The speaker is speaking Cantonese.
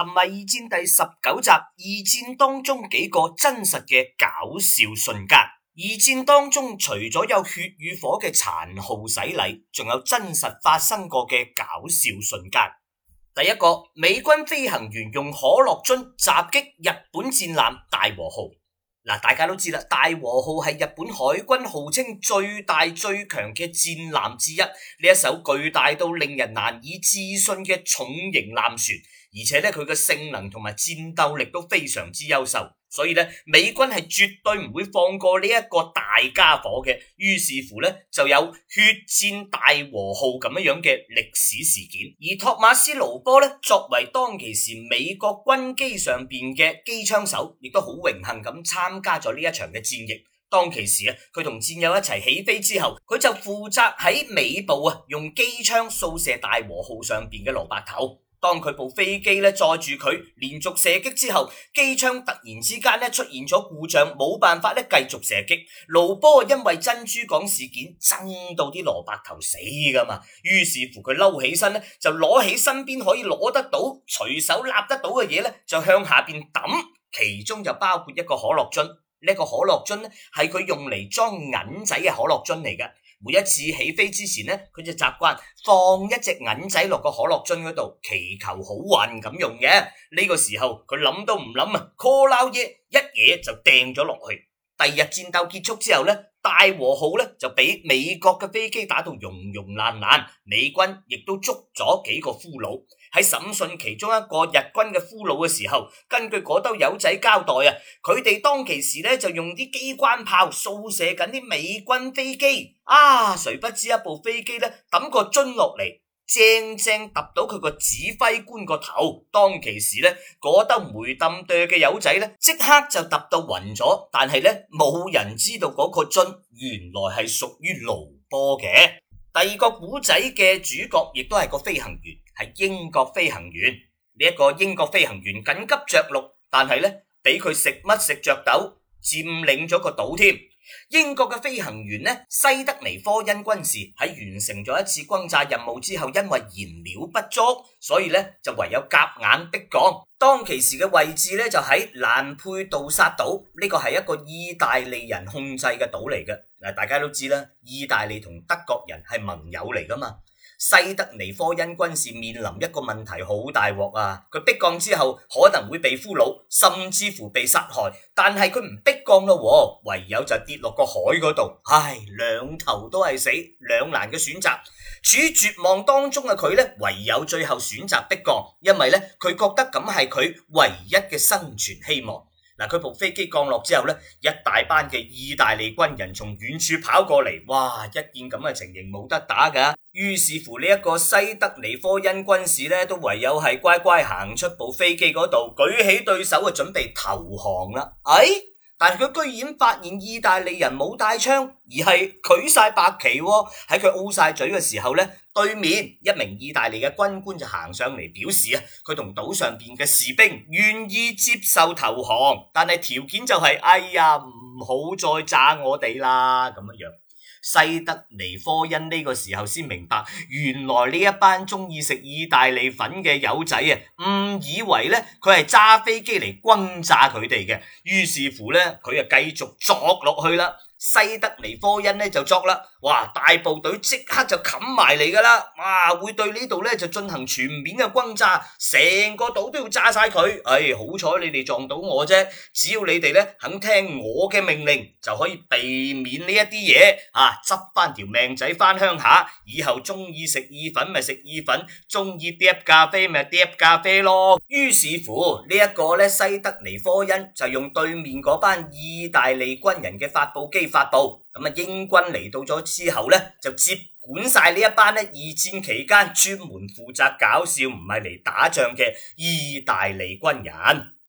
尋迷二戰第十九集，二戰當中幾個真實嘅搞笑瞬間。二戰當中除咗有血與火嘅殘酷洗禮，仲有真實發生過嘅搞笑瞬間。第一個，美軍飛行員用可樂樽襲擊日本戰艦大和號。嗱，大家都知啦，大和號係日本海軍號稱最大最強嘅戰艦之一，呢一艘巨大到令人難以置信嘅重型艦船，而且呢佢嘅性能同埋戰鬥力都非常之優秀。所以咧，美軍係絕對唔會放過呢一個大家伙嘅，於是乎咧，就有血戰大和號咁樣樣嘅歷史事件。而托馬斯·盧波咧，作為當其時美國軍機上邊嘅機槍手，亦都好榮幸咁參加咗呢一場嘅戰役。當其時咧、啊，佢同戰友一齊起,起飛之後，佢就負責喺尾部啊，用機槍掃射大和號上邊嘅蘿卜頭。當佢部飛機咧載住佢連續射擊之後，機槍突然之間咧出現咗故障，冇辦法咧繼續射擊。盧波因為珍珠港事件憎到啲蘿蔔頭死噶嘛，於是乎佢嬲起，起身咧，就攞起身邊可以攞得到、隨手立得到嘅嘢咧，就向下邊抌，其中就包括一個可樂樽。呢、這個可樂樽咧係佢用嚟裝銀仔嘅可樂樽嚟嘅。每一次起飛之前呢，佢就習慣放一隻銀仔落個可樂樽嗰度，祈求好運咁用嘅。呢個時候佢諗都唔諗啊，call 撈嘢、yeah, 一嘢就掟咗落去。第二日戰鬥結束之後呢，大和號呢就俾美國嘅飛機打到融融爛爛，美軍亦都捉咗幾個俘虜。喺審訊其中一個日軍嘅俘虜嘅時候，根據嗰兜友仔交代啊，佢哋當其時咧就用啲機關炮掃射緊啲美軍飛機，啊，誰不知一部飛機咧抌個樽落嚟，正正揼到佢個指揮官個頭。當其時咧，嗰兜梅冧剁嘅友仔咧即刻就揼到暈咗，但係咧冇人知道嗰個樽原來係屬於盧波嘅。第二個古仔嘅主角亦都係個飛行員。係英國飛行員呢，一個英國飛行員緊急着陸，但係呢，俾佢食乜食着豆佔領咗個島添。英國嘅飛行員呢，西德尼科恩軍士喺完成咗一次轟炸任務之後，因為燃料不足，所以呢，就唯有夾硬逼降。當其時嘅位置呢，就喺蘭佩杜薩島，呢個係一個意大利人控制嘅島嚟嘅。嗱，大家都知啦，意大利同德國人係盟友嚟噶嘛。西德尼科恩軍士面臨一個問題，好大鑊啊！佢逼降之後可能會被俘虜，甚至乎被殺害。但係佢唔逼降咯，唯有就跌落個海嗰度。唉，兩頭都係死，兩難嘅選擇。處於絕望當中嘅佢呢，唯有最後選擇逼降，因為呢，佢覺得咁係佢唯一嘅生存希望。嗱，佢部飛機降落之後呢，一大班嘅意大利軍人從遠處跑過嚟，哇！一見咁嘅情形冇得打㗎，於是乎呢一個西德尼科恩軍士呢，都唯有係乖乖行出部飛機嗰度，舉起對手啊，準備投降啦，哎！但係佢居然發現意大利人冇帶槍，而係舉晒白旗喎、哦。喺佢 O 晒嘴嘅時候呢，對面一名意大利嘅軍官就行上嚟表示啊，佢同島上邊嘅士兵願意接受投降，但係條件就係、是，哎呀，唔好再炸我哋啦，咁樣樣。西德尼科恩呢個時候先明白，原來呢一班中意食意大利粉嘅友仔啊，誤以為呢佢係揸飛機嚟轟炸佢哋嘅，於是乎呢，佢啊繼續作落去啦。西德尼科恩呢就作啦，哇大部隊即刻就冚埋嚟㗎啦，哇會對呢度呢就進行全面嘅轟炸，成個島都要炸晒佢。唉，好彩你哋撞到我啫，只要你哋呢肯聽我嘅命令，就可以避免呢一啲嘢啊，執翻條命仔翻鄉下，以後中意食意粉咪食意粉，中意啜咖啡咪啜咖啡咯。於是乎呢一個呢西德尼科恩就用對面嗰班意大利軍人嘅發布機。發佈咁啊，英軍嚟到咗之後咧，就接管晒呢一班咧，二戰期間專門負責搞笑唔係嚟打仗嘅意大利軍人。